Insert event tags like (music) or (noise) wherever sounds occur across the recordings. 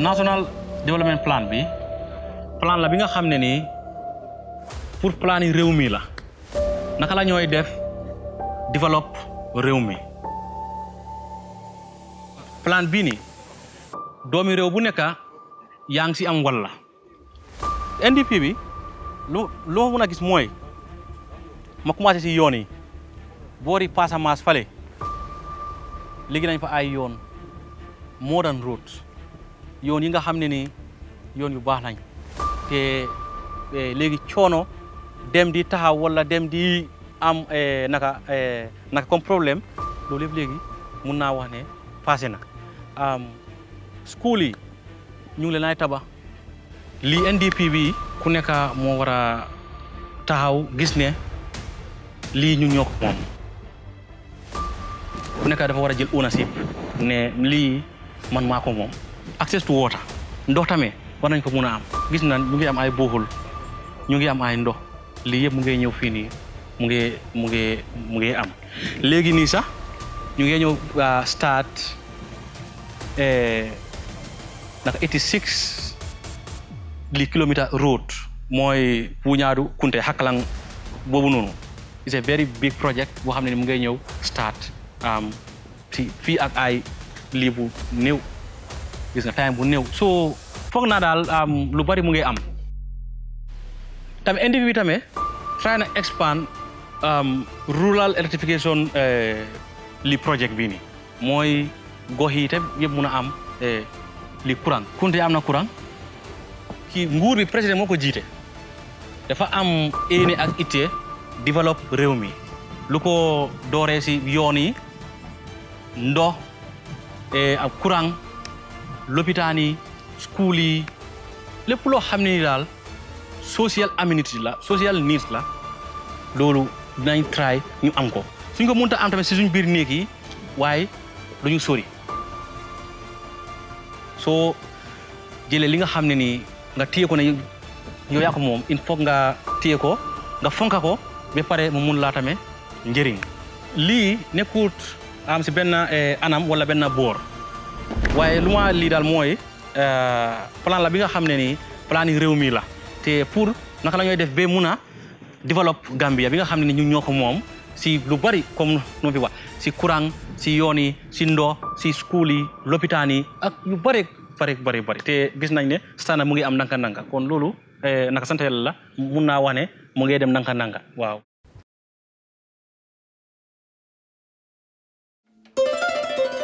national development plan bi plan la bi nga xamné ni pour plan yi réew mi la naka la ñoy def develop réew plan bi ni doomi réew bu nekk yaa ngi si am wala NDP bi lu lo mën semua, gis moy ma commencé si yoni bori passamas falé fale nañ fa ay yoon modern route yoon yi nga xam ne ni yoon yu baax lañ te eh, léegi coono dem di taxaw wala dem di am eh, naka eh, naka comme problème loolu yëpp léegi mun naa wax ne passé na. school yi ñu ngi leen ay tabax lii NDP bi ku nekk moo war a taxaw gis ne lii ñu ñoo ko moom ku nekk dafa war a jël ownership ne lii man maako moom. access to water ndox tamé, war nañ ko mun am gis na ñu ngi am ay booxul ñu ngi am ay ndox lii yëpp mu ngi ñëw fii nii mu ngi mu ngi mu ngi am léegi nii sax ñu ngi ñëw uh, start eh, naka 86 li kilometer road mooy wuñaadu kunte hakkalang boobu noonu it's a very big project boo xam ne mu ngi ñëw start um, fii ak ay lii bu néew gis nga time bu néew so foog naa daal um, lu bari mu ngi am tamit individu tamit try na expand um, rural electrification eh, li project bii nii mooy gox yi itam yëpp mun a am eh, li courant kunte am na courant ki nguur mi président moo ko jiite dafa am éene ak ittee développe réew mi lu ko dooree si yoon yi ndox eh, ak courant lopitaan yi school yi lépp loo xam ne ni daal social amenities la social needs la loolu dinañ try ñu am ko suñ ko mënta am tamit si suñ biir néegi yi waaye duñu sori soo jëlee li nga xam ne ni nga téye ko ne yow ko moom il faut nga téye ko nga fonka ko ba pare mu mun laa tamit njëriñ lii nekkut am si benn eh, anam wala benn boor waye luma li dal moy euh plan la bi nga xamné ni plan yi la té pour naka la ñoy def bé muna develop Gambia bi nga xamné ni ñu ñoko mom si lu bari comme no fi wax si courant si yoni si ndo si school yi l'hôpital yi ak yu bari bari bari bari té gis nañ né stana mu ngi am nanka nanka kon euh naka sant yalla la mun wané mu ngi dem nanka nanka waaw.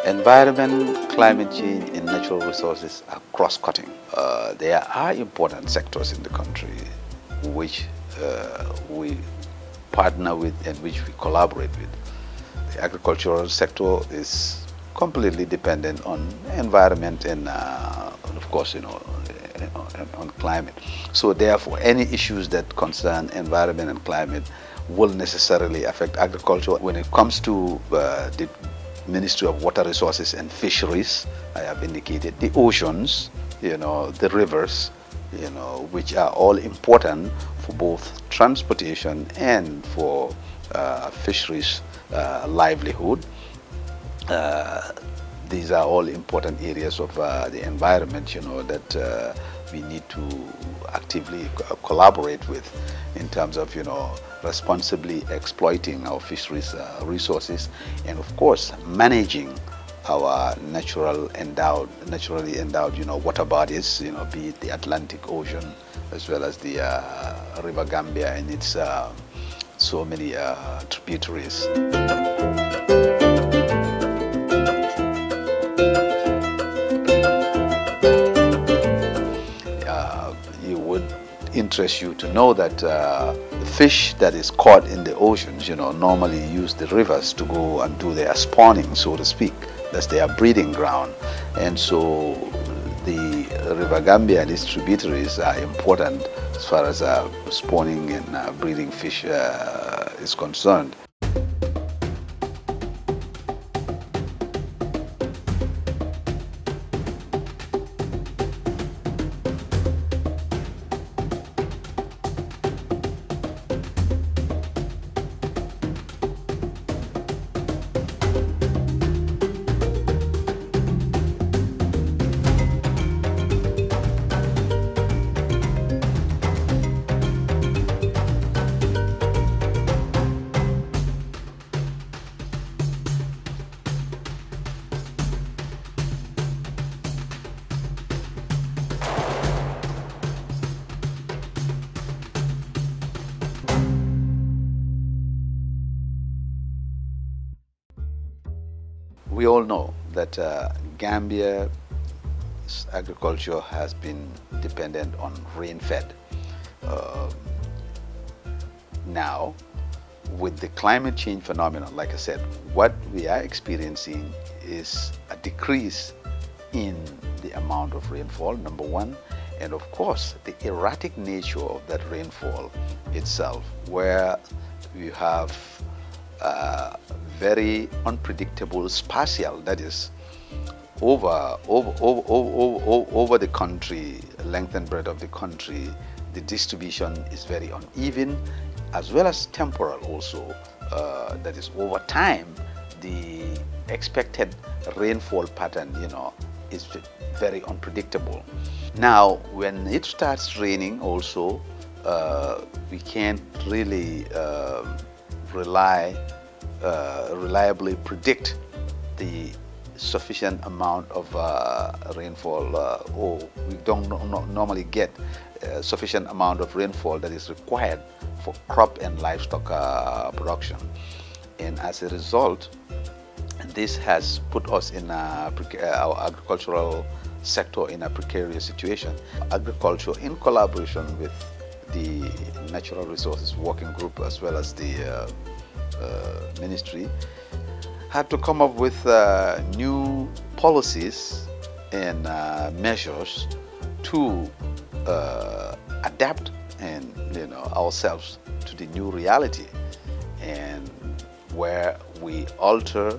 Environment, climate change, and natural resources are cross-cutting. Uh, there are important sectors in the country which uh, we partner with and which we collaborate with. The agricultural sector is completely dependent on environment and, uh, of course, you know, uh, on climate. So therefore, any issues that concern environment and climate will necessarily affect agriculture. When it comes to uh, the Ministry of Water Resources and Fisheries, I have indicated, the oceans, you know, the rivers, you know, which are all important for both transportation and for uh, fisheries uh, livelihood. Uh, these are all important areas of uh, the environment, you know, that uh, we need to actively collaborate with in terms of, you know, responsibly exploiting our fisheries uh, resources and of course managing our natural endowed, naturally endowed, you know, water bodies, you know, be it the Atlantic Ocean as well as the uh, River Gambia and its uh, so many uh, tributaries. interest you to know that uh, the fish that is caught in the oceans, you know, normally use the rivers to go and do their spawning, so to speak. That's their breeding ground. And so the River Gambia and its tributaries are important as far as uh, spawning and uh, breeding fish uh, is concerned. we all know that uh, Gambia's agriculture has been dependent on rain-fed. Uh, um, now, with the climate change phenomenon, like I said, what we are experiencing is a decrease in the amount of rainfall, number one, and of course, the erratic nature of that rainfall itself, where you have uh, very unpredictable spatial, that is, over, over, over, over, over the country, length and breadth of the country, the distribution is very uneven, as well as temporal also. Uh, that is, over time, the expected rainfall pattern, you know, is very unpredictable. Now, when it starts raining also, uh, we can't really uh, rely uh, reliably predict the sufficient amount of uh, rainfall uh, or we don't normally get uh, sufficient amount of rainfall that is required for crop and livestock uh, production and as a result this has put us in a, our agricultural sector in a precarious situation agriculture in collaboration with the natural resources working group as well as the uh, ministry had to come up with uh, new policies and uh, measures to adapt and you know ourselves to the new reality and where we alter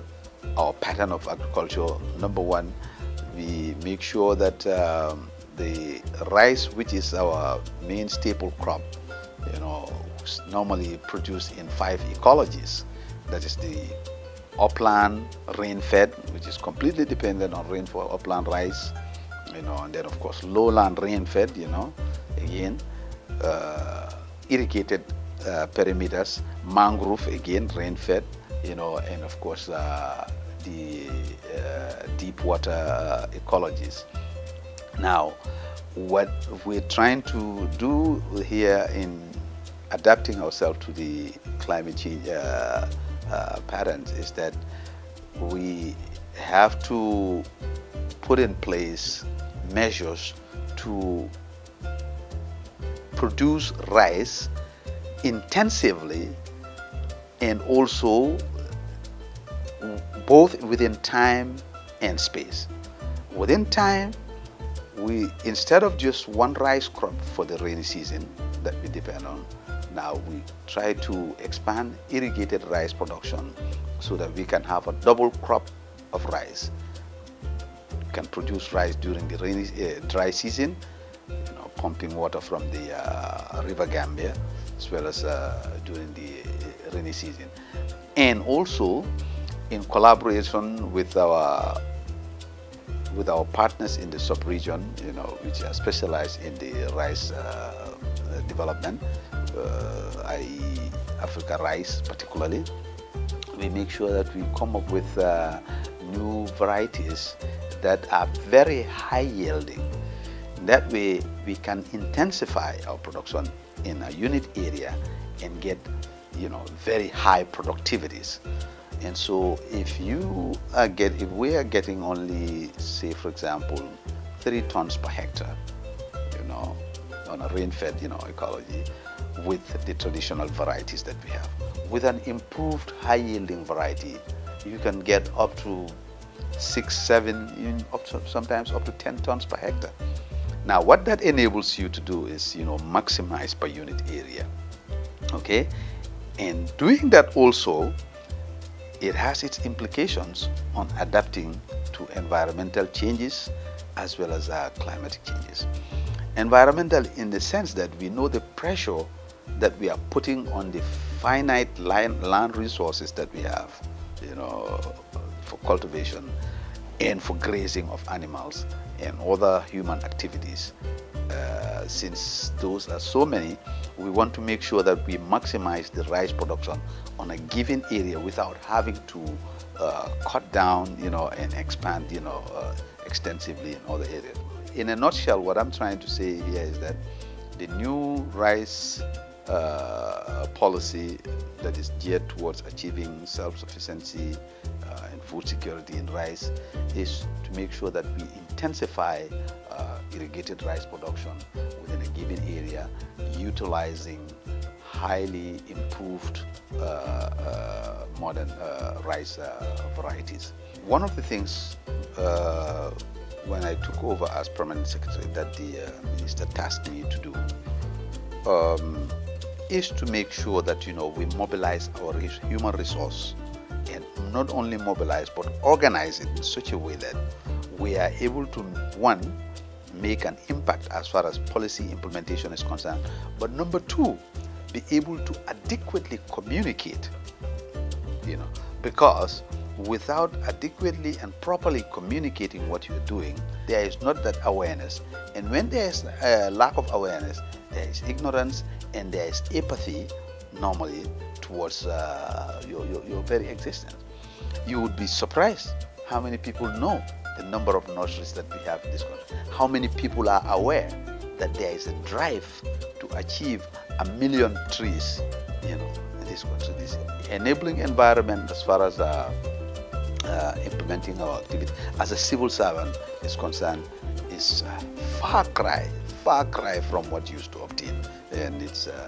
our pattern of agriculture number one we make sure that um, the rice which is our main staple crop you know is normally produced in five ecologies. That is the upland rain-fed, which is completely dependent on rainfall, upland rice, you know, and then of course lowland rain-fed, you know, again, uh, irrigated uh, perimeters, mangrove again rain-fed, you know, and of course uh, the uh, deep water uh, ecologies. Now, what we're trying to do here in adapting ourselves to the climate change uh, uh, patterns is that we have to put in place measures to produce rice intensively and also both within time and space. Within time, we instead of just one rice crop for the rainy season that we depend on, now we try to expand irrigated rice production so that we can have a double crop of rice. We can produce rice during the rainy, uh, dry season, you know, pumping water from the uh, River Gambia, as well as uh, during the eh, rainy season. And also, in collaboration with our with our partners in the sub-region, you know, which are specialized in the rice uh, development, uh, I Africa rice particularly. We make sure that we come up with uh, new varieties that are very high yielding. That way, we can intensify our production in a unit area and get, you know, very high productivities. And so, if you get, if we are getting only, say, for example, three tons per hectare, you know, on a rain-fed, you know, ecology, with the traditional varieties that we have. With an improved high yielding variety, you can get up to six, seven, up to, sometimes up to 10 tons per hectare. Now, what that enables you to do is, you know, maximize per unit area. Okay, and doing that also, it has its implications on adapting to environmental changes as well as uh, climatic changes. Environmental in the sense that we know the pressure that we are putting on the finite land, land resources that we have, you know, for cultivation and for grazing of animals and other human activities. Uh, since those are so many, we want to make sure that we maximize the rice production on a given area without having to uh, cut down, you know, and expand, you know, uh, extensively in other areas. In a nutshell, what I'm trying to say here is that the new rice uh, policy that is geared towards achieving self-sufficiency uh, and food security in rice is to make sure that we intensify uh, irrigated rice production within a given area utilizing highly improved uh, uh, modern rice varieties. One of the things when I took over as permanent secretary that the minister tasked me to do um, is to make sure that you know we mobilize our human resource and not only mobilize but organize it in such a way that we are able to one make an impact as far as policy implementation is concerned but number two be able to adequately communicate you know because without adequately and properly communicating what you're doing there is not that awareness and when there is a lack of awareness there is ignorance and there is apathy normally towards uh, your, your, your very existence. You would be surprised how many people know the number of nurseries that we have in this country, how many people are aware that there is a drive to achieve a million trees, you know, in this country. This enabling environment as far as uh, uh, implementing our activity as a civil servant is concerned is uh, far cry, far cry from what used to obtain. And it's a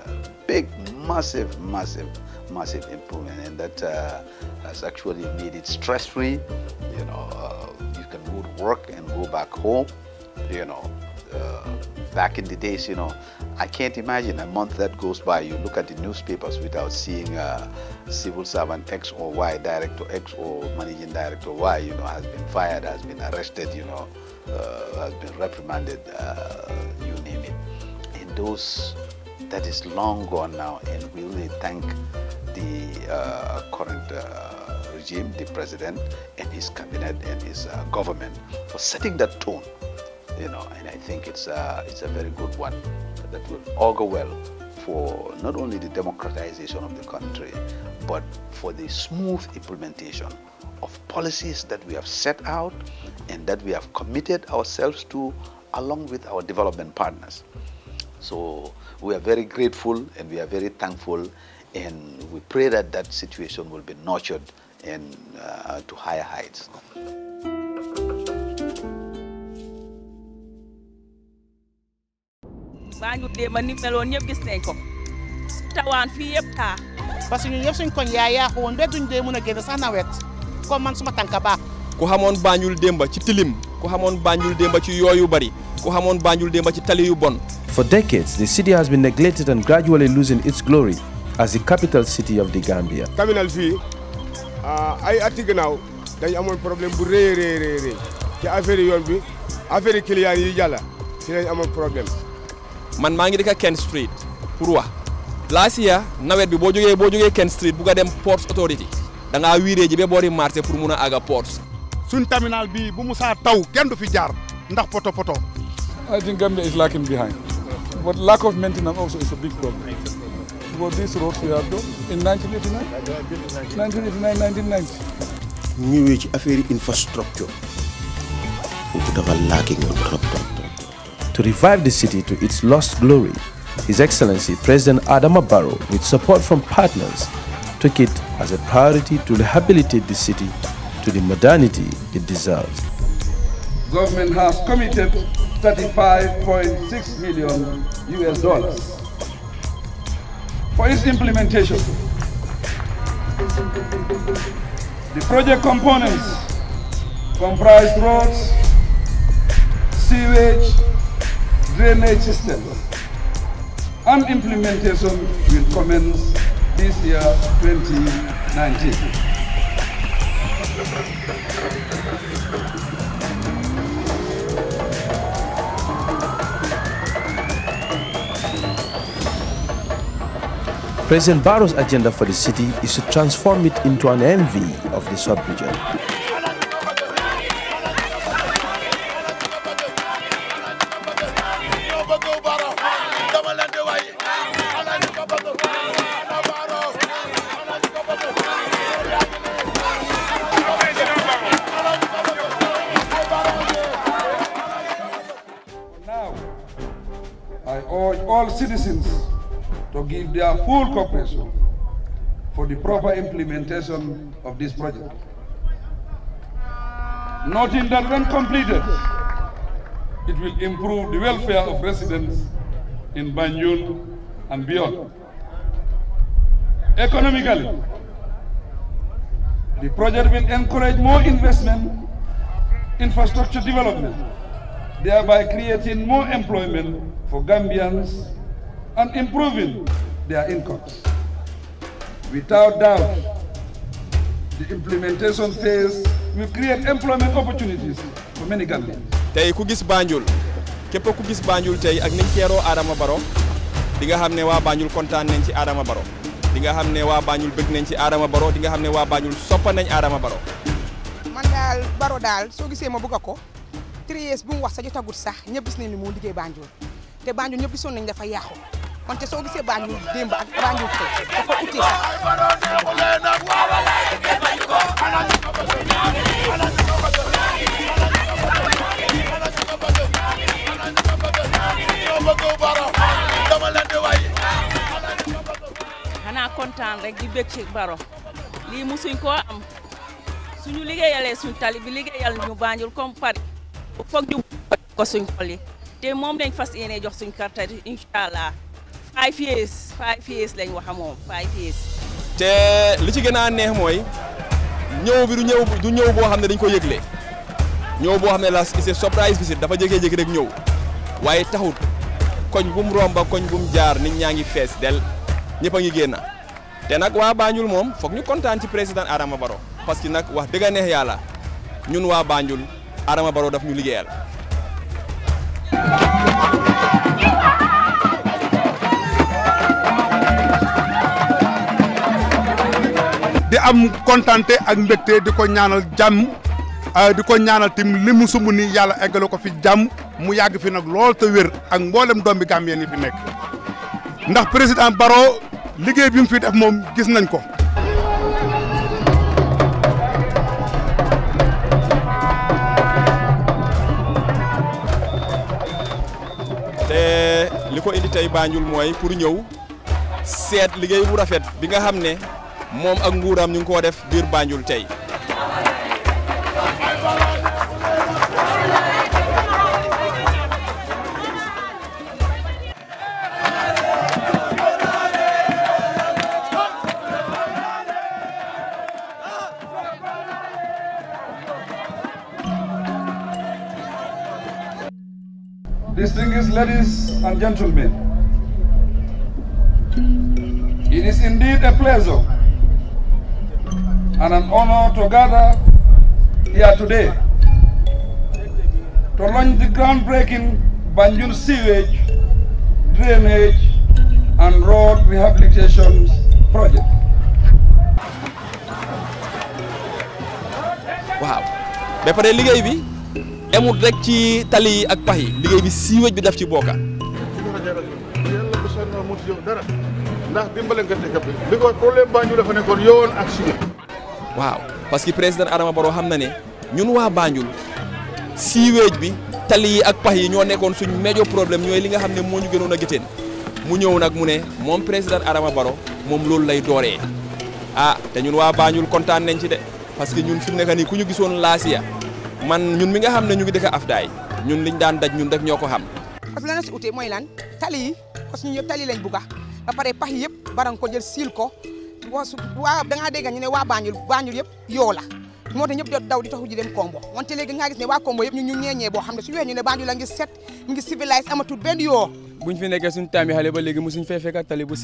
big, massive, massive, massive improvement. And that uh, has actually made it stress-free. You know, uh, you can go to work and go back home. You know, uh, back in the days, you know, I can't imagine a month that goes by. You look at the newspapers without seeing a civil servant X or Y, director X or managing director Y, you know, has been fired, has been arrested, you know. Uh, has been reprimanded, uh, you name it. And those, that is long gone now, and we really thank the uh, current regime, the president, and his cabinet and his government for setting that tone. You know, and I think it's a, it's a very good one that will augur well for not only the democratization of the country, but for the smooth implementation of policies that we have set out and that we have committed ourselves to along with our development partners. So we are very grateful and we are very thankful and we pray that that situation will be nurtured and uh, to higher heights. Banjul de man ni meloon ñëpp gis nañ ko tawaan fii yëpp ko man suma tanka ba ko xamone bañul demba ci tilim ko xamone bañul demba ci yoyu bari ko xamone bañul demba ci tali yu bon For decades, the city has been neglected and gradually losing its glory as the capital city of the Gambia. Terminal fii ay ati gnaw dañ amone problème bu re re re re ci affaire yoon bi affaire client yi jalla ci lañ amone problème. man ma ngi dëkk Ken Street pour wax lasia nawet bi bo joge bo joge Ken Street bu ga dem Port Authority da ngaa wiireeji ba boori marché pour mun a port. suñ terminal bii bu mu saa taw kenn du fi jaar ndax poto poto. I think Gambia is lacking behind. But lack of maintenance also is a big problem. But this road we have done in 1989, 1989, 1990. ñëwee ci affaire infrastructure. To revive the city to its lost glory, His Excellency President Adama Barrow, with support from partners, took it as a priority to rehabilitate the city to the modernity it deserves. Government has committed 35.6 million US dollars for its implementation. The project components comprise roads, sewage, drainage systems, and implementation will commence this year 2019. President Barrow's agenda for the city is to transform it into an envy of the sub-region. give their full cooperation for the proper implementation of this project. Noting that when completed, it will improve the welfare of residents in Banjul and beyond. Economically, the project will encourage more investment, infrastructure development, thereby creating more employment for Gambians and improving their incomes. Without doubt, the implementation phase will create employment opportunities for many Gambians. tey ku gis Banjul képp ku gis Banjul tey ak niñ teeroo Adama Baro di nga xamné wa Banjul kontaan nañ ci Adama Baro di nga xamné wa Banjul bëgg nañ ci Adama Baro di nga xamné wa Banjul soppa nañ Adama Baro. man dal Baro dal so gisé ma bëgg ko three bu mu wax sa jotagut sax ñepp gis nañ ni mo liggé Banjul té Banjul ñepp gisoon nañ dafa yàqu. kon te soo gisee Banjul démb ak Banjul tey dafa uti xanaa kontaan rek di bég ci baro lii musuñ koo am suñu liggéeyalee suñ tali bi liggéeyal ñu Banjul comme Paris foog ñu ko suñ xol yi te moom lañ fas yéene jox suñ carte incha allah 5 years 5 years lañ wax moom 5 years. té li ci gëna neex moy ñëw bi du ñëw du ñëw bo xamné dañ ko yëgle ñëw bo xamné la c'est surprise visit dafa jékki-jékki rek ñëw waaye taxut koñ bu mu romba koñ bu mu jaar nit ñaa fess del ñepp ngi génn te Banjul mom foog ñu kontaan ci président Adama baro parce que nag wax dëgg neex yàlla ñun Banjul Adama baro daf ñu liggéeyal. di am kontante ak mbégte di ko ñaanal jàmm euh, di ko ñaanal tim li mu sumb nii yàlla ko fi jàmm mu yàgg fi nag lool te wér ak mboolem doom bi Gambien yi fi nekk ndax président baro liggéey bi mu fi def moom gis nañ ko. te li ko indi tey Banjul mooy pour ñëw seet liggéey bu rafet bi nga xam ne. mom ak nguuram ñu ko def bir Banjul tay Distinguished ladies and gentlemen, it is indeed a pleasure and an honor to gather here today to launch the groundbreaking Banjul sewage, drainage, and road rehabilitation project. waaw ba pare liggéey bi emut rek ci tali yi ak pax sewage liggéey bi siiwéj bi daf ci bokka ndax dimbale nga bi li ko problème Banjul dafa nekkoon yowoon waaw parce que président Adama Barrow xam na ne ñun waa Banjul siiweej bi tali yi ak pax yi ñoo nekkoon suñ mejo problème ñooy li nga xam ne moo ñu gënoon a gëteen mu ñëw nag mu ne moom président Adama Barrow moom loolu lay dooree ah te ñun waa Banjul kontaan nañ ci de parce que ñun fi mu nekk ku ñu gisoon laasiya man ñun mi nga xam ne ñu ngi dëkk Afdaay ñun liñ daan daj ñun rek ñoo ko xam. parce que la na si utee mooy lan tali yi parce que ñun ñëpp tali lañ yëpp baran ko jël ko. bon su waa da ngaa dégg ñu ne waa Banjul Banjul yëpp yoo la moo tax ñëpp daw di taxu ji dem Kombo wante léegi nga gis ne waa Kombo yëpp ñu ñeeñee boo xam ne su ñu ñu ne Banjul la ngi set ngi civilisé amatul benn yoo buñ fi nekkee suñu taami xale ba léegi musuñ fee fekk tali bu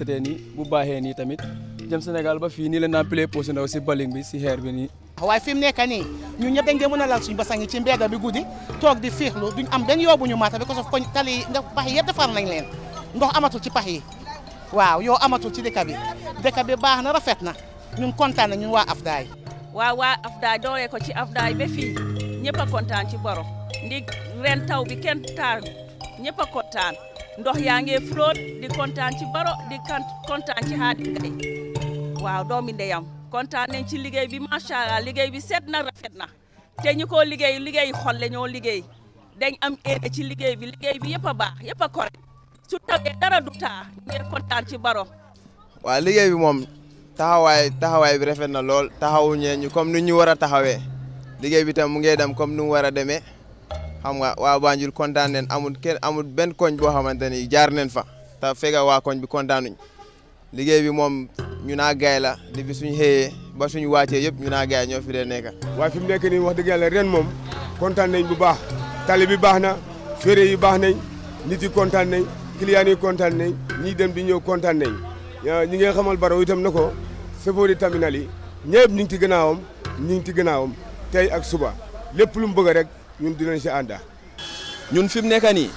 tamit jëm Sénégal ba ni nii la naan plé posé ndaw si baling bi si xeer bi nii ah, waaye fi mu nekk nii ñun ñëpp dañ a lal suñu basang yi ci mbedda bi guddi toog di fiixlu duñ pax yi yëpp defar amatul ci pax bi dëkk bi baax na rafet na ñun kontaan na ñun waa Afdaay. waaw waa Afdaay dooree ko ci Afdaay ba fii ñëpp a kontaan ci Boro ndi ren taw bi kenn taar ñëpp a kontaan ndox yaa ngi flotte di kontaan ci Baro di kontaan ci Hadi Gaye waaw de ndeyam kontaan nañ ci liggéey bi macha allah liggéey bi set na rafet na te ñu ko liggéey liggéey xol la ñoo liggéey dañ am éene ci liggéey bi liggéey bi yëpp a baax yëpp a correct su tawee du taa ñu kontaan ci Baro. waaw liggéey bi moom taxawaay taxawaay bi rafet na lool taxawuñee ñu comme ni ñu war a taxawee liggéey bi tam mu ngi dem comme ni mu war a demee xam nga waa Banjul kontaan neen amul kenn amul benn koñ boo xamante ni jaar neen fa te fekk koñ bi kontaanuñ liggéey bi moom ñu naa gaay la depuis suñu xëyee ba suñu wàccee yëpp ñu naa gaay ñoo fi dee nekk. waaye fi mu nekk nii wax dëgg ren moom kontaan nañ bu baax tali bi baax na fere yi baax nañ nit yi kontaan nañ clients yi kontaan nañ dem di ñëw kontaan ñi nga xamal Barrow itam na ko chauffeur yi terminal yi ñëpp ñu ngi ci gannaawam ñu ngi ci gannaawam tey ak suba lépp lu mu bëgg rek ñun dinañ si ànda ñun fi mu nekk nii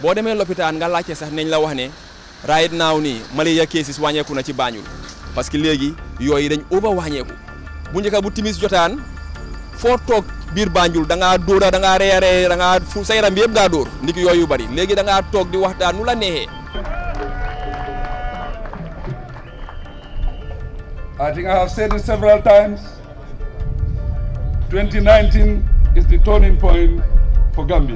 boo demee lopitaan nga laajte sax nañ la wax ne right now nii malaria cases wàññeeku na ci Banjul parce que léegi yooyu dañ over wàññeeku bu njëkka bu timis jotaan foo toog biir Banjul da dóora da ngaa rey a rey da ngaa fu sa yaram bi yëpp ngaa dóor ndiki yooyu bari léegi da ngaa toog di waxtaan nu la neexee I think I have said it several times. 2019 is the turning point for Gambia.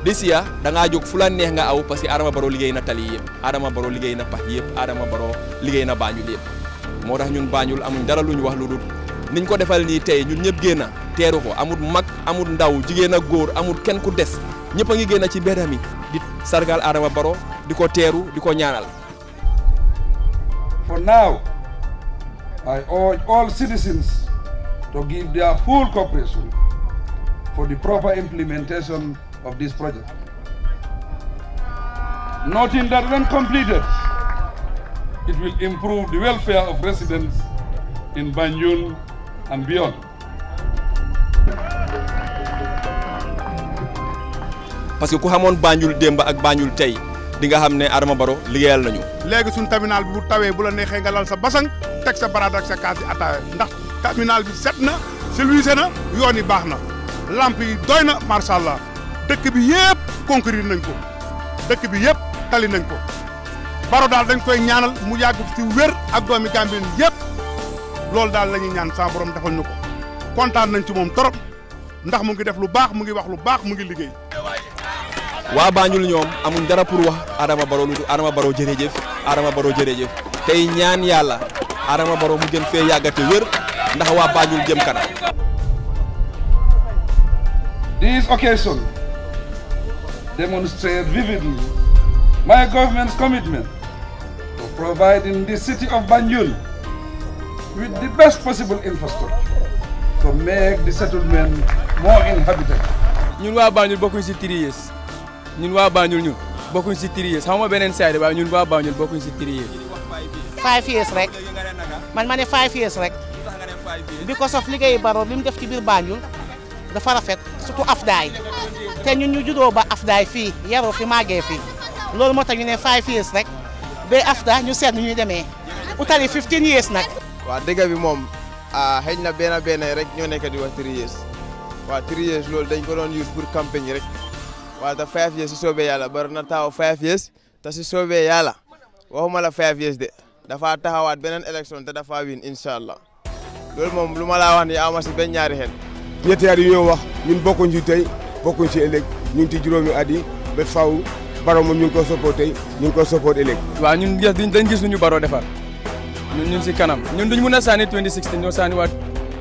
This year, da nga jog fulan neex nga aw parce que Adama Barrow liggéey na tali yeb Adama Barrow liggéey na pax yeb Adama Barrow liggéey na Banjul yeb moo tax ñun bañul amuñ dara luñ wax lu niñ ko defal ni tay ñun ñepp geena téru ko amut mag amut ndaw jigéen ak góor amut kenn ku dess ñepp nga geena ci bédami mi sargal adama baro diko teru diko ñaanal for now i urge all citizens to give their full cooperation for the proper implementation of this project noting that when completed it will improve the welfare of residents in Banjul and beyond. parce que ku xamoon Banjul démb ak Banjul tey di nga xam ne Adama Barrow liggéeyal nañu. léegi suñ terminal bi bu tawee bu la neexee nga lal sa basang teg sa baraad ak sa kaas yi ataaya ndax terminal bi set na silvissé na yoon yi baax na làmp yi doy na macha allah dëkk bi yëpp conquérir nañ ko dëkk bi yëpp tali nañ ko Barrow daal dañ koy ñaanal mu yàgg ci wér ak doomi Gambien yëpp loolu daal lañuy ñaan sa borom ñu ko kontaan nañ ci moom torop ndax mu ngi def lu baax mu ngi wax lu baax mu ngi liggéey. wa bañul ñom amuñ dara pour wax Adama baro lu Adama baro jërëjëf Adama Barrow jërëjëf tay ñaan yalla Adama baro mu gën fe yagate wër ndax wa bañul jëm kanam. This occasion demonstrated vividly my government's commitment to providing the city of Banjul with the best possible infrastructure to make the settlement more inhabitable. ñun wa Banjul bokkuñ ci Three Years. ñun waa Banjul ñun bokkuñ si three years xawma beneen side waaye ñun waa Banjul bokkuñ si three years five years rek man ma ne five years rek because of liggéey Barrow li mu def ci biir a dafa rafet surtout afdaay te ñun ñu judoo ba afdaay fii yaroo fi màggee fii loolu moo tax ñu ne five years rek ba afda ñu seet nu ñuy demee utali 15 years nag. waa dëgg bi moom ah, xëy na benn benn rek ñoo nekk di waa three years loolu dañ ko doon use pour campagne rek. wata five years su soobee yàlla bari na taxaw five years te su soobee yàlla waxuma la five years de dafa taxawaat beneen élection te dafa win incha allah loolu moom lu ma wax ni ama si ben ñaari xel yete yar yi wax ñun bokku ñu tey bokku ci elek ñun ci juroomi adi be faaw baro mom ñun ko supporté ñun ko support elek wa ñun gis dañ gis ñu baro defar ñun ñun si kanam ñun duñ mëna sani 2016 ñoo sani wat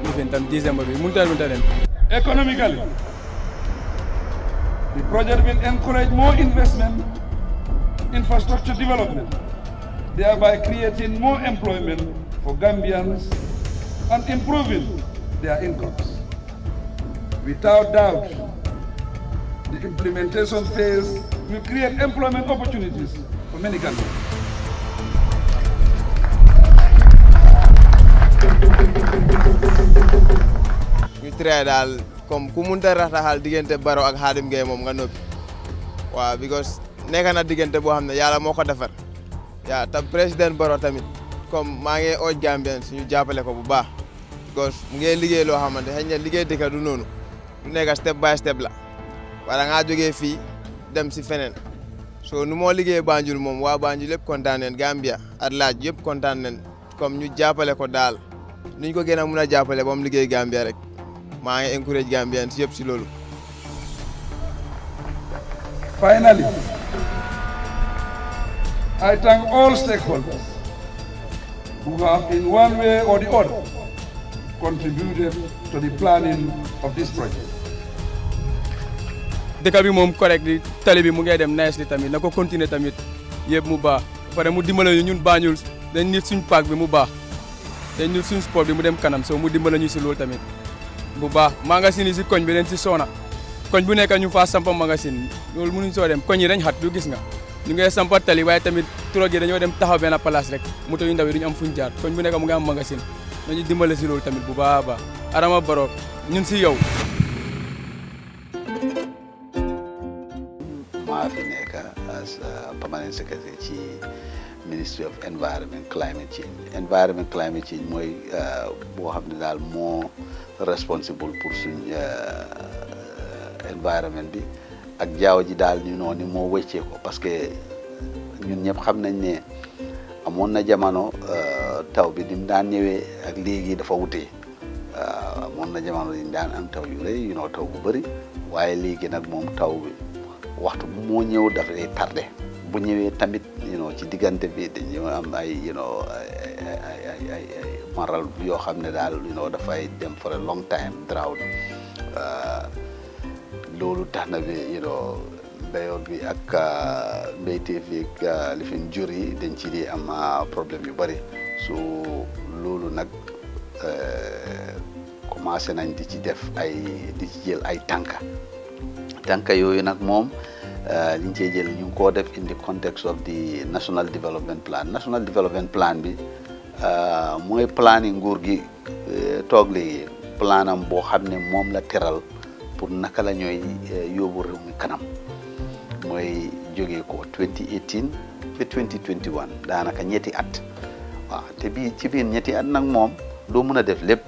ñu fi tam 10e bi mun tal mun ta leen The project will encourage more investment, infrastructure development, thereby creating more employment for Gambians and improving their incomes. Without doubt, the implementation phase will create employment opportunities for many Gambians. We try comme ku dara taxal diggante baro ak Khadim Gueye mom nga nopi wa because nekk na diggante bo xamné yalla moko moo ko defar président baro tamit comme ma ngay o Gambien suñu jappalé ko bu baax because mu ngi liggéey loo xamante xëy na liggéey dëkk du nonu du nekk step by step la wala nga jógee fi dem ci fenen so nu mo liggéey Banjul mom wa Banjul yëpp contane nañ Gambia at laaj yépp contane nañ comme ñu jappalé ko dal niñ ko gëna mëna jappalé bam Gambia rek maa ngi encourage Gambien si yëpp si loolu. Finally, I thank all stakeholders who have in one way or the other contributed to the planning of this project. bi moom correct di tali bi mu ngay dem nice li tamit na ko continuer tamit yëpp mu baax pare mu dimbale ñu ñun Banjul dañ nit suñ paak bi mu baax dañ nit suñ sport bi mu dem kanam so mu dimbale ñu si loolu tamit bu baax magasin yi si koñ bi dañ si soona koñ bu nekk ñu faa sampa magasin loolu mënuñ soo dem koñ yi dañ xat du gis nga ñu ngay sampa tali waaye tamit turog yi dañoo dem taxaw benn place rek moto yu ndaw yi duñu am fuñ jaar koñ bu nekk mu ngi am magasin dañu dimbale si loolu tamit bu baax a baax Adama Barrow ñun si yow as a uh, permanent secretary ci ministry of environment climate change environment climate change mooy uh, boo xam ne daal moo responsible pour suñ uh, environment bi ak jaww ji daal ñu noonu moo wëccee ko parce que ñun ñëpp xam nañ ne amoon na jamono taw bi ni daan ñëwee ak léegi dafa wutee amoon na jamono yi daan am taw yu yu noo taw bu bari waaye léegi nag moom taw bi waxtu mo ñew daf lay tardé bu ñewé tamit you know ci diggante bi dañu am ay you know ay ay ay ay maral yo xamné daal you know fay dem for a long time drought euh, lolu tax na bi you know mbayoor bi ak euh, mbéyteef yi ak euh, lifin juri, yi dañ ci di am problème yu bari so nak euh commencé nañ di ci def ay di ci jël ay tanka tànka yooyu nag moom euh, li ñu cee jël ñu koo def in the context of the national development plan national development plan bi euh, mooy plan yi nguur gi euh, toog léegi planam boo xam ne moom la teral pour naka la ñooy yóbbu réew mi kanam mooy jógee ko 2018 ba 2021 daanaka ñetti at waaw te bi ci biir ñetti at nag moom doo mën a def lépp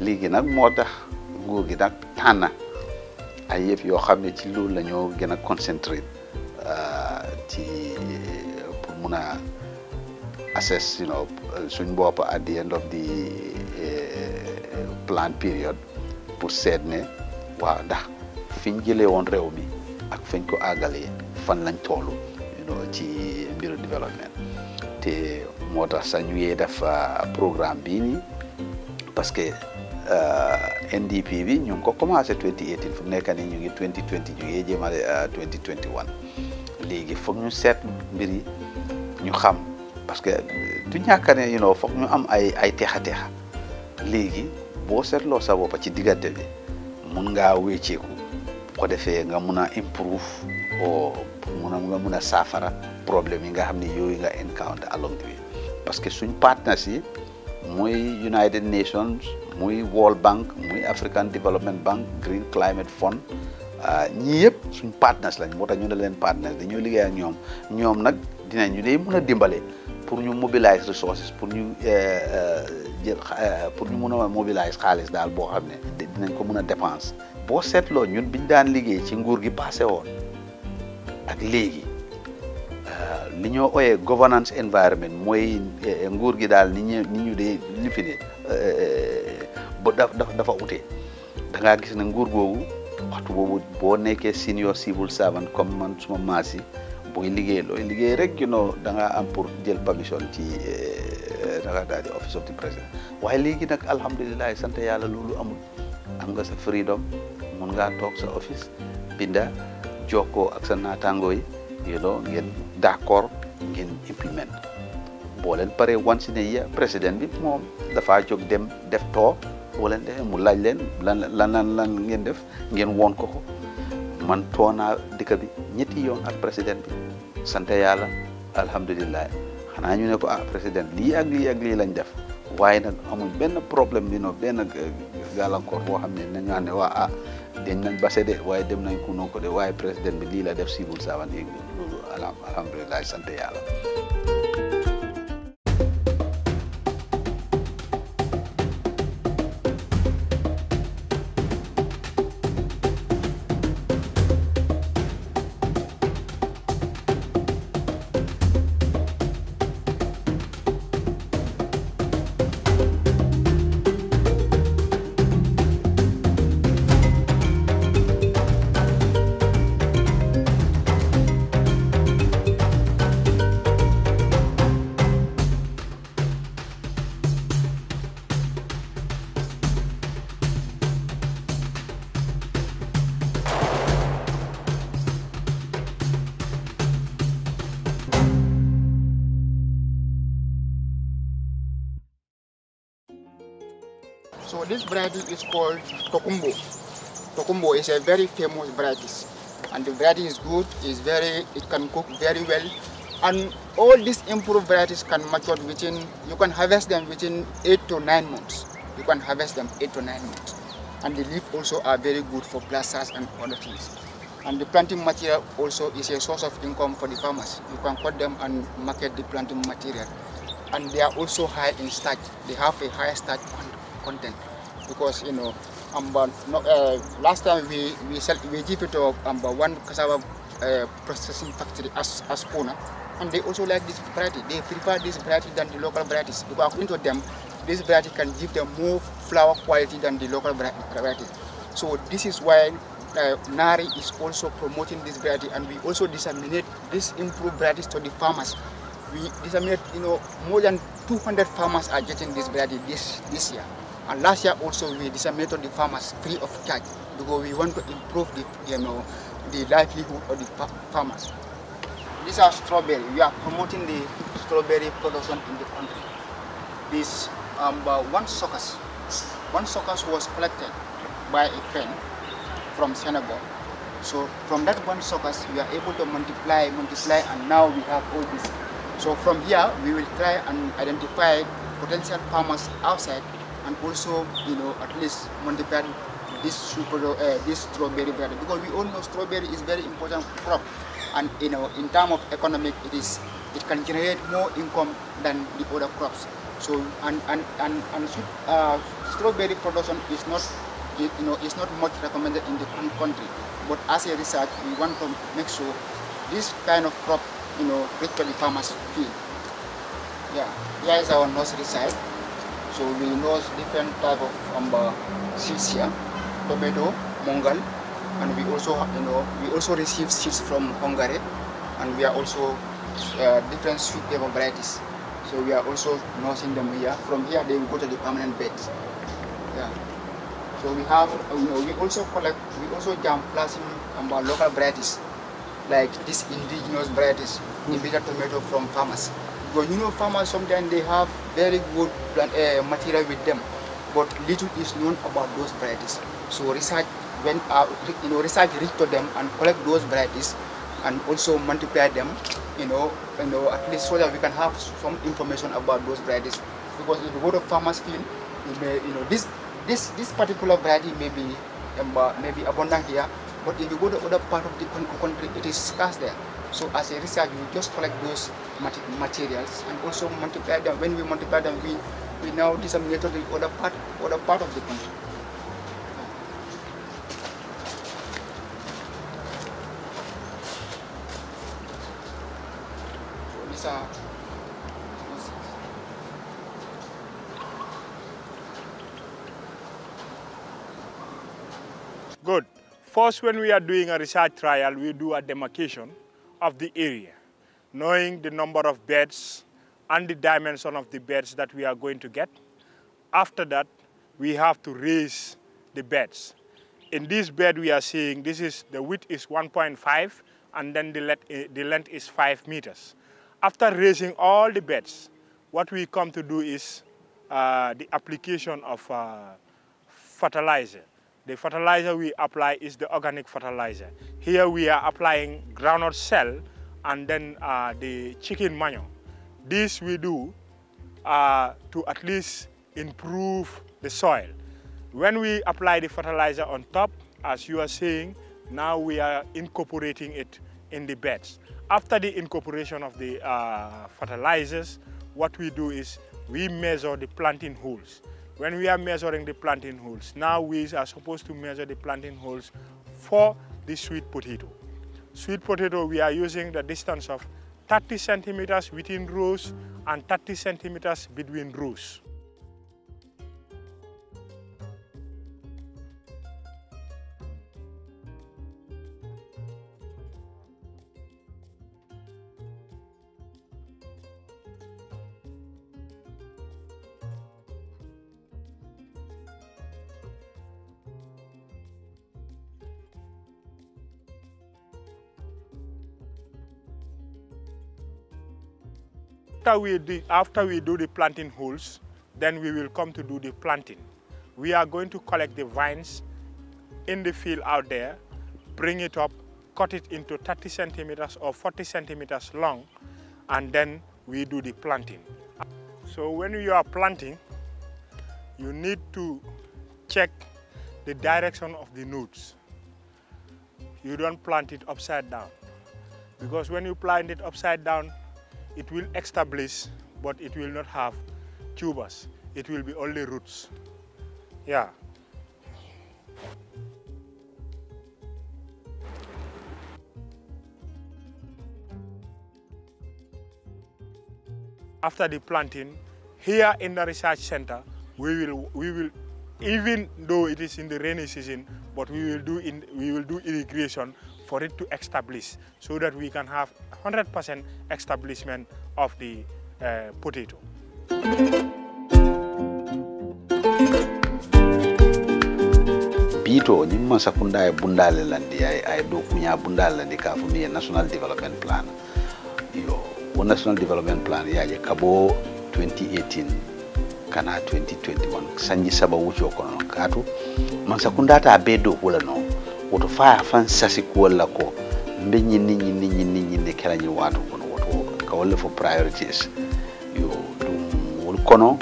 léegi nag moo tax nguur gi nag tànn ay yëf yoo xam ne ci loolu la ñoo gën a concentré euh, ci pour mun a assess you know suñ bopp at the end of the euh, plan period pour seet ne waaw ndax fiñ jëlee woon réew mi ak fañ ko àggalee fan lañ toolu you know ci mbiru développement te moo tax sañ ñu def euh, programme bii parce que Uh, NDP bi ñu ngi ko commencé 2018 fu mu nekk nii ñu ngi 2020 ñu ngi jéem a 2021 uh, léegi foog ñu seet mbir yi ñu xam parce que du ñàkk ne you know foog ñu am ay ay teexa teexa léegi boo seetloo sa bopp ci diggante bi mun nga wécceeku bu ko defee nga mun a improve o mun a nga mun a saafara problème yi nga xam ne yooyu nga encounter along the way parce que suñ partenaires yi mooy United Nations. muy World Bank muy African Development Bank Green Climate Fund ah, ñii yëpp suñ partners lañ moo tax ñu ne leen partners dañoo liggéey ak ñoom ñoom nag dinañu dee mën a dimbale pour ñu mobiliser resources pour ñu eh, eh, jël eh, pour ñu mën a mobiliser xaalis daal boo xam ne dinañ ko mën a dépense boo seetloo ñun biñ daan liggéey ci nguur gi passé woon ak léegi ah, li ñoo ooyee governance environment mooy nguur gi daal ni ñu ni ñu dee lifine dafa ute da ngaa gis ne nguur googu waxtu boobu boo nekkee senior civil servant comme man suma maas yi booy liggéey looy liggéey rek you know da ngaa am pour jël permission ci eh, da ngaa daal office of the president waaye léegi nak alhamdulilah sante yàlla loolu amul am nga sa freedom mun ngaa toog sa office binda joko ak sa naataangoo yi you know ngeen d' ngeen implement boo leen paree once in a year président bi moom dafa jóg dem def too boo leen mu laaj leen lan lan lan lan ngeen def ngeen woon ko ko man toonaa dëkk bi ñetti yoon ak président bi sant yàlla alhamdulilah xanaa ñu ne ko a ah, président lii ak lii ak lii lañ def waaye nag amuñ benn problème bi no benn gàllankoor boo xam ne nañ naan ne waa ah nañ base de waaye dem nañ ku noo ko de waaye président bi lii la def siibul sawan yéeg loolu alhamdulilah sant yàlla called Tokumbo. Tokumbo is a very famous variety. And the variety is good, It's very, it can cook very well. And all these improved varieties can mature within, you can harvest them within 8 to 9 months. You can harvest them 8 to 9 months. And the leaf also are very good for plasters and other things. And the planting material also is a source of income for the farmers. You can cut them and market the planting material. And they are also high in starch. They have a high starch content because you know amber no, uh, last time we we sell we give it to amber one cassava uh, processing factory as as Puna, and they also like this variety. They prefer this variety than the local varieties because according to them, this variety can give them more flower quality than the local varieties. So this is why uh, Nari is also promoting this variety and we also disseminate this improved varieties to the farmers. We disseminate, you know, more than 200 farmers are getting this variety this, this year. And last year also we disseminated the farmers free of charge because we want to improve the, you know, the livelihood of the farmers. These are strawberry. We are promoting the strawberry production in the country. This um, uh, one suckers, one suckers was collected by a friend from Senegal. So from that one suckers, we are able to multiply, multiply, and now we have all this. So from here, we will try and identify potential farmers outside and also you know at least multiply this super uh, this strawberry variety because we all know strawberry is very important crop and you know in terms of economic it is it can generate more income than the other crops so and and and, and uh, strawberry production is not you know is not much recommended in the country but as a research we want to make sure this kind of crop you know the farmers feel yeah here is our nursery site so we know different type of umber, uh, Cilcia, tomato, Mongol, and we also you know we also receive seeds from Hungary, and we are also uh, different sweet table varieties. So we are also nursing them here. From here they will go to the permanent beds. Yeah. So we have uh, you know we also collect we also jam plasm um, about uh, local varieties like these indigenous varieties, mm tomato from farmers. Because you know farmers sometimes they have very good uh, material with them, but little is known about those varieties. So research when uh, you know, research reach to them and collect those varieties and also multiply them, you know, you know, at least so that we can have some information about those varieties. Because if you go to farmers field, you may, you know, this this this particular variety may be um, uh, may be abundant here, but if you go to other part of the country, it is scarce there. So as a research, we just collect those materials and also multiply them. When we multiply them, we, we now disseminate to the other part, other part of the country. Good. First, when we are doing a research trial, we do a demarcation of the area, knowing the number of beds and the dimension of the beds that we are going to get. After that, we have to raise the beds. In this bed we are seeing, this is the width is 1.5 and then the length, eh, the length is 5 meters. After raising all the beds, what we come to do is uh, the application of uh, fertilizer. The fertilizer we apply is the organic fertilizer. Here we are applying groundnut shell and then uh, the chicken manure. This we do uh, to at least improve the soil. When we apply the fertilizer on top, as you are seeing, now we are incorporating it in the beds. After the incorporation of the uh, fertilizers, what we do is we measure the planting holes when we are measuring the planting holes. Now we are supposed to measure the planting holes for the sweet potato. Sweet potato, we are using the distance of 30 centimeters within rows and 30 centimeters between rows. After we, do, after we do the planting holes, then we will come to do the planting. We are going to collect the vines in the field out there, bring it up, cut it into 30 centimeters or 40 centimeters long, and then we do the planting. So when you are planting, you need to check the direction of the nodes. You don't plant it upside down because when you plant it upside down, it will establish, but it will not have tubers. It will be only roots. Yeah. After the planting, here in the research center, we will, we will even though it is in the rainy season, but we will do, in, we will do irrigation for it to establish so that we can have 100% establishment of the uh, potato. bito ni mansa kunda ye bundaale landi a ye dookuñaa bundaale landi ka fo national development plan yo o national development plan ya a je 2018 kana 2021 sanji saba wucoo kono katu mansa kundaa ta a bee woto faya fan sasi kuwolla ko mbeñi niñi niñi niñi ne kelañi wato ko woto ka wolle fo priorities yo dum wol kono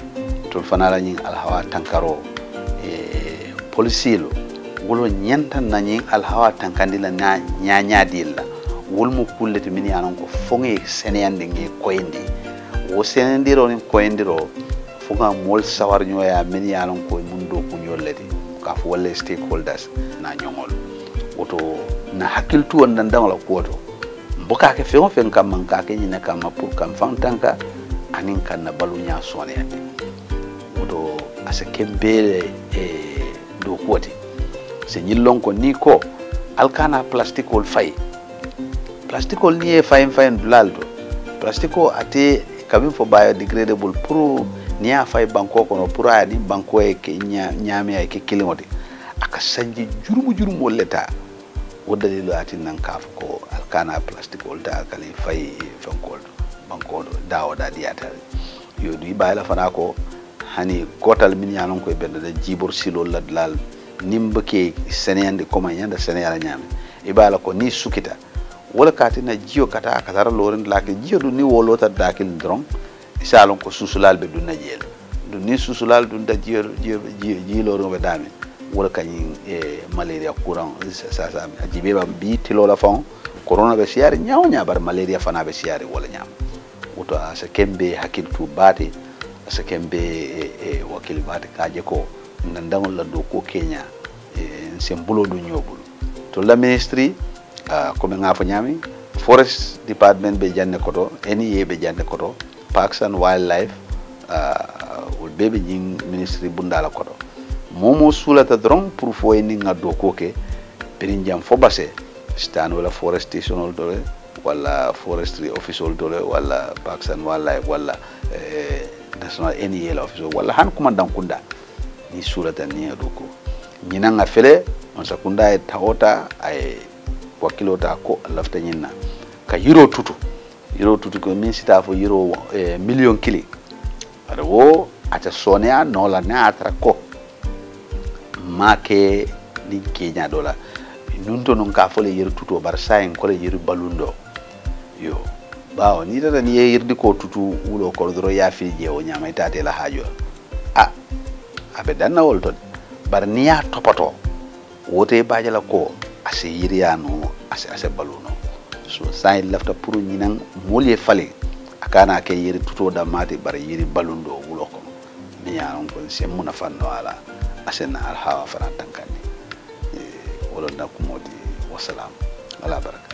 tol fanalañin hawa tankaro e lo wolo ñentan al hawa tankandila na wol wolmo kullete min yanon ko foŋe seneyande ŋe koyndi wo senendiro nin koyndiro mol sawar nyoya min yanon ko mun ko kuñollete ka fo stakeholders na ñoŋol woto na hakil tu la kuwo to mbo ka ke fe o feŋ kamma ka ke ñine ma pour kan faŋ tanka aniŋ kaŋ na baluñaa sooneyandi woto a se ke bee e, do ti se ñiŋ ko ni ko alkana ka ol fay fayi ol ni e fay fay blaldo to plastiko ate kabiŋ fo biodegradable pour ni a a fayi ko kono pour a banko e ke nya ke mi ay ke kiliŋo ti sanji jurumu jurumu leta wo dalilo nan kafo ko alkana plastique wol ta kali fayi fenkol bankoɗo dawoɗa ɗiyatal yo ɗum yiɓayla fana ko hani gotal min yanon koye ɓenɗoɗa jibor silol ladlal nimbake seneyande comment ñande seneyala ñaami iɓala ko ni sukita wala katina jiyo kata ka tara lorinde laki jiyo ɗum ni wolotata dakil doron salon ko susulal ɓe ɗum najeelo ɗum ni susulal ɗum da jiyo jiyo jiiloro ɓe damin wala kañum e eh, malaria courant sasami ba bi mbi tilola fon corona ɓe nyaaw ñaw bar malaria fana be siari wala ñama woto asa kembe hakil tu baate asa kembe e eh, eh, bati ka je ko la do ko e sen bulo do nyobul to la ministre ko ɓe gafo nyaami forest department ɓe jande koto nie ɓe jande koto parks and wildlife uh, wol ɓe ɓe jin bundala koto momo sulata dron pour fo en nga do ko ke pirin jam fo base stan wala forestation ol dole wala forestry wala dole wala parks and wildlife wala eh, national NEL office wala han kuma dan kunda ni sulata ni do ko nyina nga fele on kunda e taota ay e wakilota ko lafta nyina ka yiro tutu yiro tutu ko min sita fo yiro eh, million kili ada wo acha sonia nola na atra ko make ɗin kenya dola ɗum to noon ka fole yir tutu bar bar sahen kole yir balundo yo bawo ni tata ni yir di ko tutu wuulo kono doro yafiri je o ñamay la hajo a ah, abe dan na wolto bar niya topoto wote baaje la ko ase yir ya no ase ase baluno so sahen lafta pour ni nan mole fale akana ke yir tutu da mate bar yir balundo wulo kono mi yanon kon semmu fanno ala asena alhawa fana tankandi e wolon na kumo di ala baraka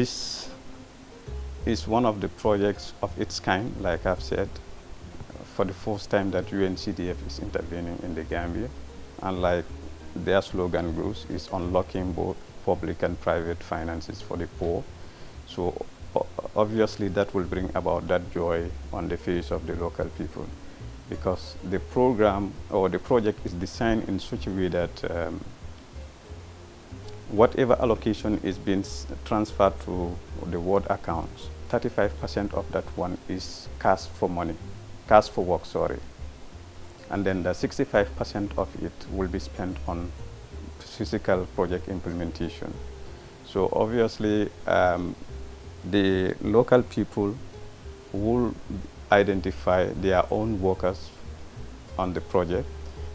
This is one of the projects of its kind, like I've said, for the first time that UNCDF is intervening in the Gambia. And like their slogan goes, is unlocking both public and private finances for the poor. So obviously that will bring about that joy on the face of the local people because the program or the project is designed in such a way that um, whatever allocation is being transferred to the ward accounts, 35% of that one is cash for money, cash for work, sorry. And then the 65% of it will be spent on physical project implementation. So obviously, um, the local people will identify their own workers on the project,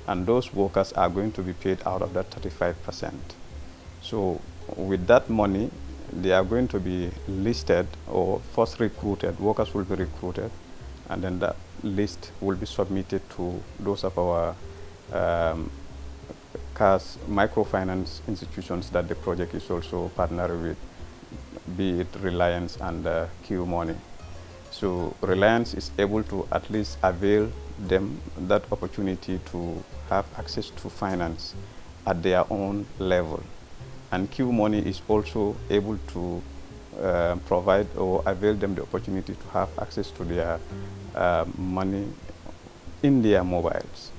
and those workers are going to be paid out of that 35 percent. So with that money, they are going to be listed or first recruited, workers will be recruited, and then that list will be submitted to those of our um, CAS microfinance institutions that the project is also partnering with, be it Reliance and uh, Q Money. So Reliance is able to at least avail them that opportunity to have access to finance at their own level and Q Money is also able to uh, provide or avail them the opportunity to have access to their uh, money in their mobiles.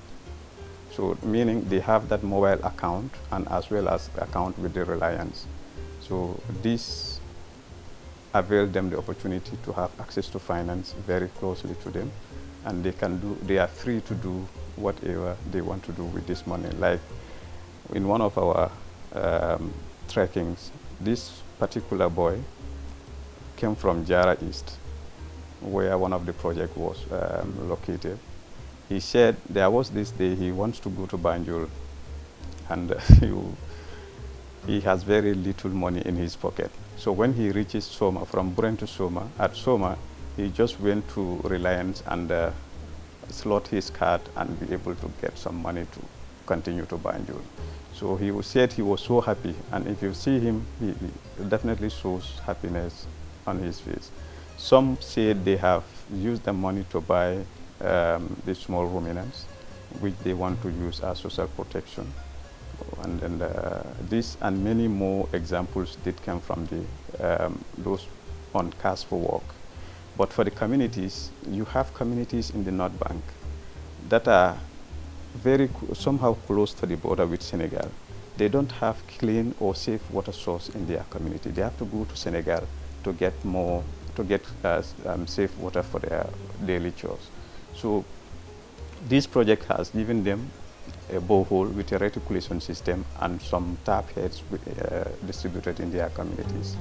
So meaning they have that mobile account and as well as account with the Reliance. So this avail them the opportunity to have access to finance very closely to them and they can do they are free to do whatever they want to do with this money like in one of our um, This particular boy came from Jara East, where one of the project was um, located. He said there was this day he wants to go to Banjul, and uh, (laughs) he has very little money in his pocket. So when he reaches Soma, from Buren to Soma, at Soma, he just went to Reliance and uh, slot his card and be able to get some money to continue to Banjul. So he said he was so happy, and if you see him, he, definitely shows happiness on his face. Some said they have used the money to buy um, the small ruminants, which they want to use as social protection. And, then uh, this and many more examples did come from the, um, those on Cars for Work. But for the communities, you have communities in the North Bank that are very somehow close to the border with Senegal. They don't have clean or safe water source in their community. They have to go to Senegal to get more, to get uh, um, safe water for their daily chores. So this project has given them a borehole with a reticulation system and some tap heads uh, distributed in their communities.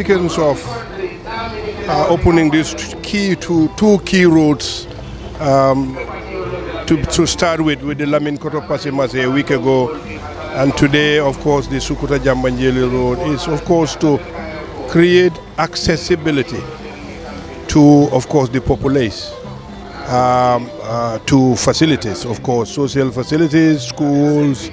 significance of uh, opening this key to two key routes um, to, to, start with, with the Lamin Kotopasimase a week ago, and today, of course, the Sukuta Jambanjeli Road is, of course, to create accessibility to, of course, the populace, um, uh, to facilities, of course, social facilities, schools,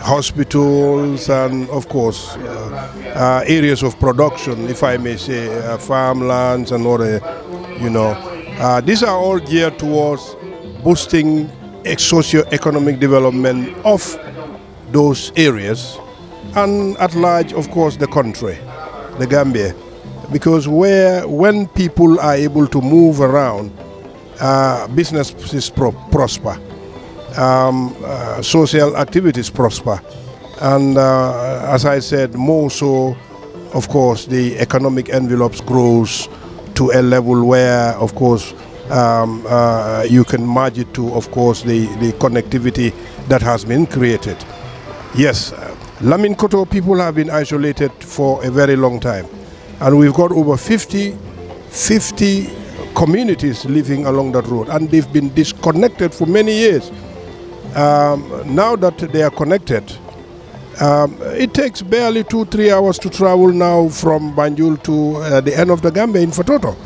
hospitals, and, of course, uh, uh, areas of production, if I may say, uh, farmlands and all the, uh, you know. Uh, these are all geared towards boosting socio-economic development of those areas and at large, of course, the country, the Gambia. Because where, when people are able to move around, uh, businesses pro prosper, um, uh, social activities prosper and uh, as I said, more so, of course, the economic envelopes grows to a level where, of course, um, uh, you can merge it to, of course, the, the connectivity that has been created. Yes, uh, Lamin Koto people have been isolated for a very long time. And we've got over 50, 50 communities living along that road. And they've been disconnected for many years. Um, now that they are connected, um, it takes barely two, three hours to travel now from Banjul to uh, the end of the Gambia in Fototo.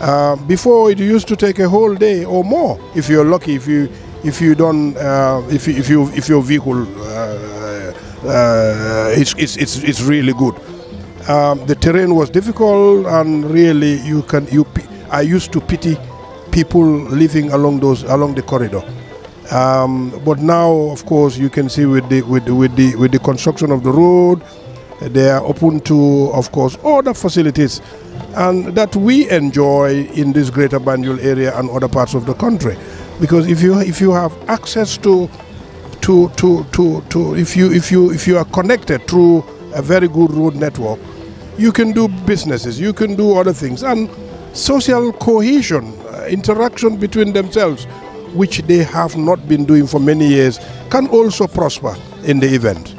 Uh, before it used to take a whole day or more if you're lucky, if you if you don't uh, if if you if your vehicle uh, uh, it's, it's it's it's really good. Um, the terrain was difficult and really you can you I used to pity people living along those along the corridor. Um, but now, of course, you can see with the, with, the, with, the, with the construction of the road, they are open to, of course, other facilities and that we enjoy in this greater Banjul area and other parts of the country. Because if you, if you have access to, to, to, to, to if, you, if, you, if you are connected through a very good road network, you can do businesses, you can do other things. And social cohesion, uh, interaction between themselves, which they have not been doing for many years, can also prosper in the event.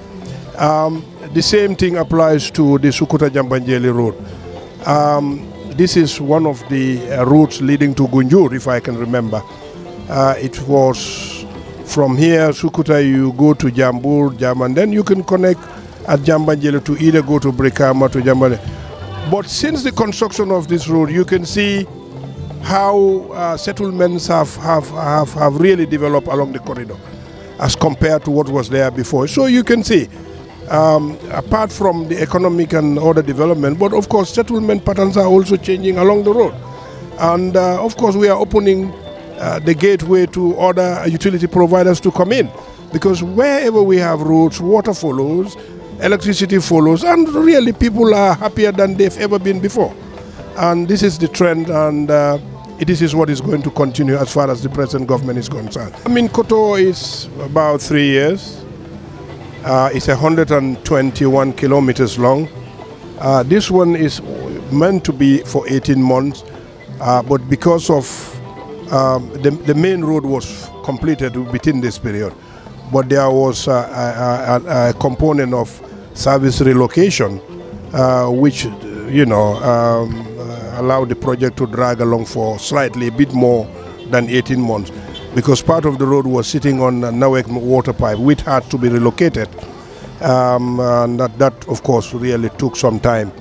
Um, the same thing applies to the Sukuta Jambanjeli Road. Um, this is one of the uh, routes leading to Gunjur, if I can remember. Uh, it was from here, Sukuta, you go to Jambur, Jam, and then you can connect at Jambanjeli to either go to Brikama to Jambanjeli. But since the construction of this road, you can see how uh, settlements have, have, have, have really developed along the corridor as compared to what was there before. So you can see, um, apart from the economic and other development, but of course settlement patterns are also changing along the road. And uh, of course we are opening uh, the gateway to other utility providers to come in. Because wherever we have roads, water follows, electricity follows, and really people are happier than they've ever been before. And this is the trend and uh, this is what is going to continue as far as the present government is concerned. I mean, Koto is about three years. Uh, it's 121 kilometers long. Uh, this one is meant to be for 18 months, uh, but because of um, the, the, main road was completed within this period, but there was a, a, a component of service relocation, uh, which, you know, um, allow the project to drag along for slightly a bit more than 18 months because part of the road was sitting on a Nawek water pipe which had to be relocated. Um, and that, that, of course, really took some time.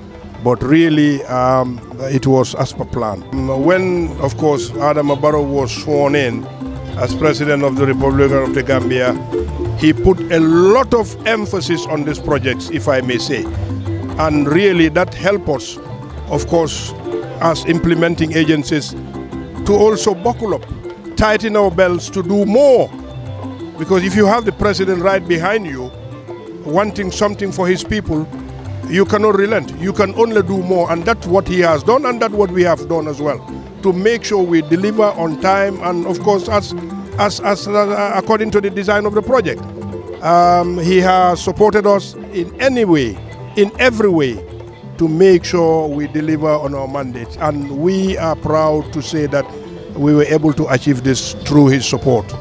But really, um, it was as per plan. When, of course, Adam Barrow was sworn in as President of the Republic of the Gambia, he put a lot of emphasis on these projects, if I may say. And really, that helped us, of course, as implementing agencies to also buckle up, tighten our belts to do more. Because if you have the president right behind you, wanting something for his people, you cannot relent. You can only do more, and that's what he has done, and that's what we have done as well, to make sure we deliver on time and, of course, as, as, as uh, according to the design of the project. Um, he has supported us in any way, in every way, to make sure we deliver on our mandate. And we are proud to say that we were able to achieve this through his support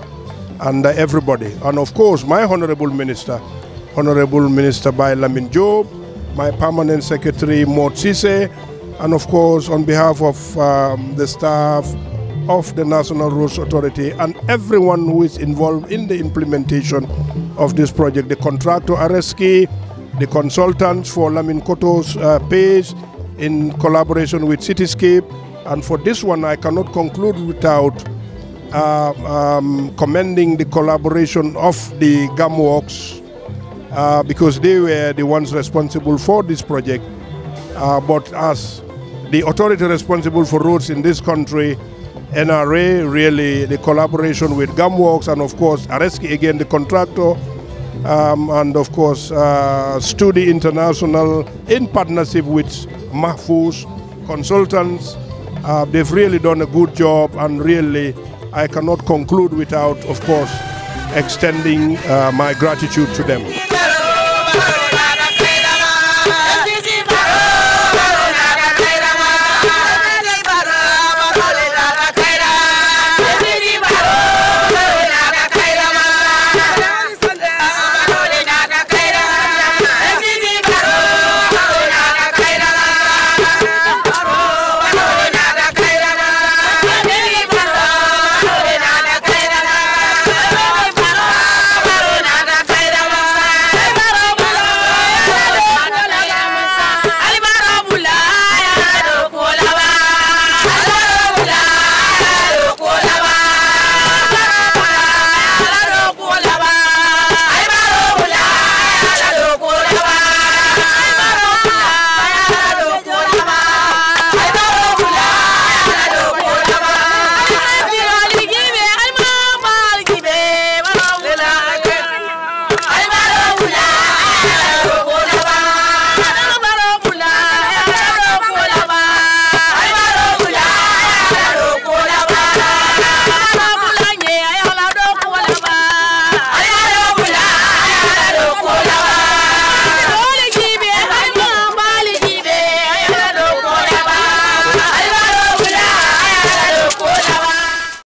and uh, everybody. And of course, my Honorable Minister, Honorable Minister Bailamin Job, my Permanent Secretary Maud Sise, and of course, on behalf of um, the staff of the National Roads Authority and everyone who is involved in the implementation of this project, the contractor Areski, the consultants for Laminkoto's uh, page in collaboration with Cityscape. And for this one, I cannot conclude without uh, um, commending the collaboration of the Gamworks uh, because they were the ones responsible for this project. Uh, but as the authority responsible for roads in this country, NRA, really the collaboration with Gamworks and of course Areski again, the contractor, um, and of course uh, Studi International in partnership with Mahfuz consultants. Uh, they've really done a good job and really I cannot conclude without, of course, extending uh, my gratitude to them.